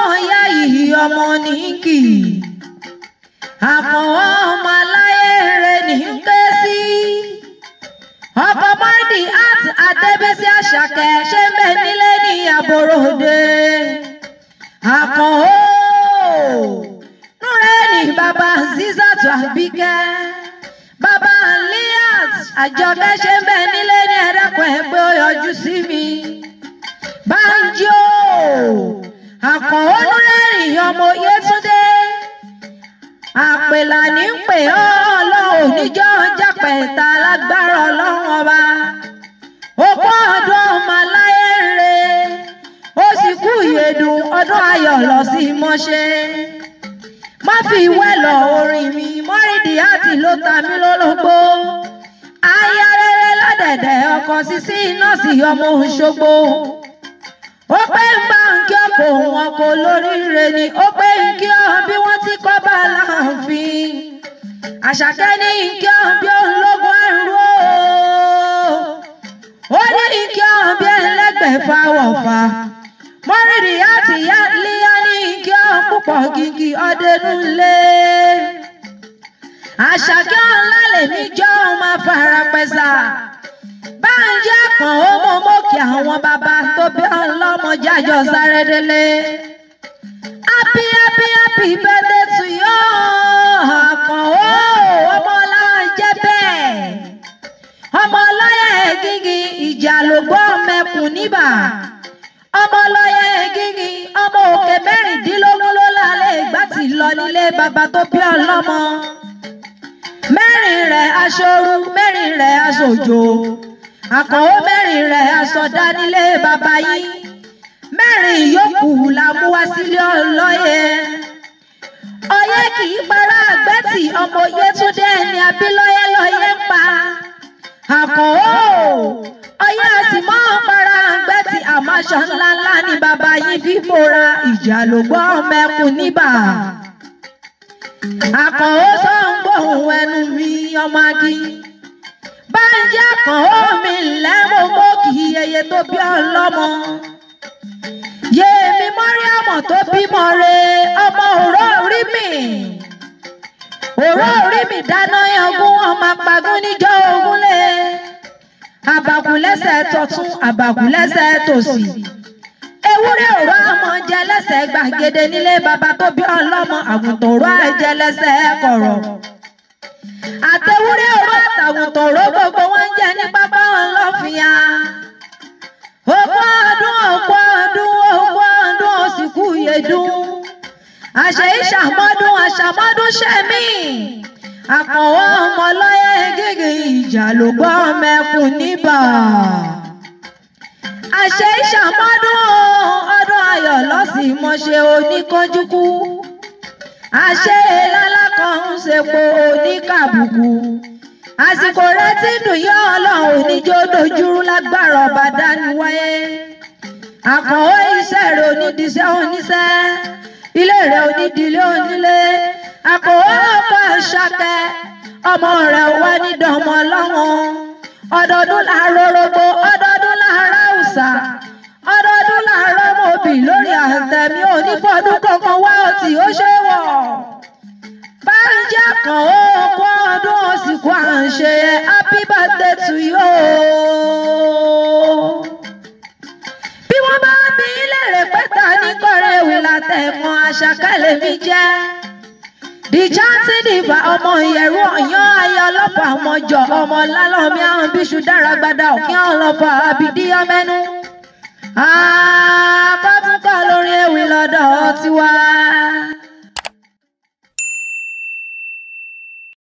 ọmọ ìyá yìí ọmọ níkì àmọ́ ọmọ aláyé rẹ̀ ní í ké sí. ọkọ mọ́ndì àti àtẹ́bẹ́sí àṣàkẹ́ ṣé ń bẹ nílé ní àbòròde àkàn ó núrẹ́ẹ̀nì bàbá zizatu àbíkẹ́ bàbá liat àjọkẹ́ ṣé ń bẹ nílé ní ẹ̀dẹ́kun ẹ̀ pé ó yọjú sí mi. pè ọ́ ọlọ́run níjọ́ jápẹ̀ ta lágbára ọlọ́run ọba okó ọdún ọmọ aláyé rè ó sì kú ìyèdùn ọdún ayọ̀ lọ sí mọ́ṣẹ́ má fi ìwẹ́ lọ orin mi mọ́rìndì àti ló ta mí lólobó aya rere lọ́dẹ̀dẹ̀ ọkọ̀ sísí nọ́ọ̀sì ọmọ Òṣogbo ó pé ń bá ń kí ọkọ̀ òun ọkọ̀ olóríire ni ó pé ń kí ọ bí wọ́n ti kọ́ bá láàfin àṣàkẹ́ ní ìkẹ́ ọ̀bí ológun ẹ̀rú ó ní ìkẹ́ ọ̀bí ẹlẹ́gbẹ̀fà wọ̀fà mọ́rìnrì àti ìyá líyá ní ìkẹ́ ọ̀púpọ̀ gígì ọ̀dẹ́nulé àṣàkẹ́ ọ̀làlẹ̀mí jọ́ máa fara pẹ́sà báńjẹ́ kan ó mọ mókè àwọn bàbá tó bí ọlọ́mọ jájọ sáré délé happy happy happy birthday to you. níbà ọmọ lọ́yẹ gígì ọmọ òkè mẹ́rìndínlógún ló lálẹ́ ìgbà tí lọ nílé bàbá tó bí ọlọ́mọ mẹ́rin rẹ̀ aṣoru mẹ́rin rẹ̀ aṣòjò àkànwó mẹ́rin rẹ̀ aṣọdá nílé bàbá yìí mẹ́rin yòókù la mú wá sílé ọlọ́yẹ ọyẹ kì í para àgbẹ̀tì ọmọ Yétúndé ẹni abílọ́yẹ lọ́yẹ pa àkànwó ọyẹ àti mọ́ ọ̀pá aṣọ ńlá ńlá ni bàbá yín fi fòra ìjà ló gbọ́ ọmọ ẹkùn níbà. àkànó sọ ń gbóhùn ẹnu mi ọmọ adí. báyìí àkànó mi lẹ́mọ̀ mọ́ kì í yeye tó bí ọlọ́mọ. yèèmí mọ́rí tó bímọ re ọmọ òró orí mi. òró orí mi dáná yangún ọmọ apagún níjọ́ òun àbàkù lẹ́sẹ̀ tọ̀tún àbàkù lẹ́sẹ̀ tòsì ewúrẹ́ òró àmọ́ jẹ lẹ́sẹ̀ gbàgede nílé baba tó bí ọlọ́mọ àgùntàn òró àjẹ lẹ́sẹ̀ kọ̀rọ̀ àtẹwúrẹ́ òró àtàgùntàn òró gbogbo wọn jẹ ní pápá ọlọ́fìyà ogún ọdún ogún ọdún ogún ọdún òsìkú yẹdùn àṣẹ ìṣàmọ́dún àṣàmọ́dún ṣẹ̀mí àkànwọ́ ọmọláyé gègé ìjà ló gbọ́ mẹ́kùn níbà. àṣẹ ìṣàmọ́dún ọdún ayọ̀ lọ́sìn mọ́ṣe oníkanjúkú. àṣẹ lálákan ń sepo oníkàbùkù. àsìkò rẹ ti dùn yọ ọlọ́run níjó dojú lágbára ọba dániwáyé. àkànwọ́ iṣẹ́ rẹ onídìíṣẹ́ oníṣẹ́ ilé rẹ onídìílé onílé àkókò ṣàkẹ́ ọmọ rẹ̀ wá ní dánmọ́ lọ́wọ́n ọdọọdún làárọ̀ rogbo ọdọọdún làárọ̀ ọ̀sà ọdọọdún làárọ̀ mọ̀bì lórí àtẹ̀mí onífọdún kankan wá ọtí ó ṣe wọ̀ báńjẹ́ kan ó kó ọdún òsìkò à ń ṣe yẹ happy birthday to you. bí wọ́n bá bí ilé rẹ̀ pẹ́ta ní kọ́rẹ́wì látẹ̀mọ́ àṣàkálẹ̀ mi jẹ́ ìjà tí nìbà ọmọ ìyẹ̀rú ọ̀yán ayé ọlọ́pàá ọmọ ọjọ́ ọmọ lálọ́mí àwọn bíṣu dára gbadà òkè ọlọ́pàá àbídí ọmẹ́nu. àkọ́túnkọ́ lórí ewì lọ́dọ̀ tiwa.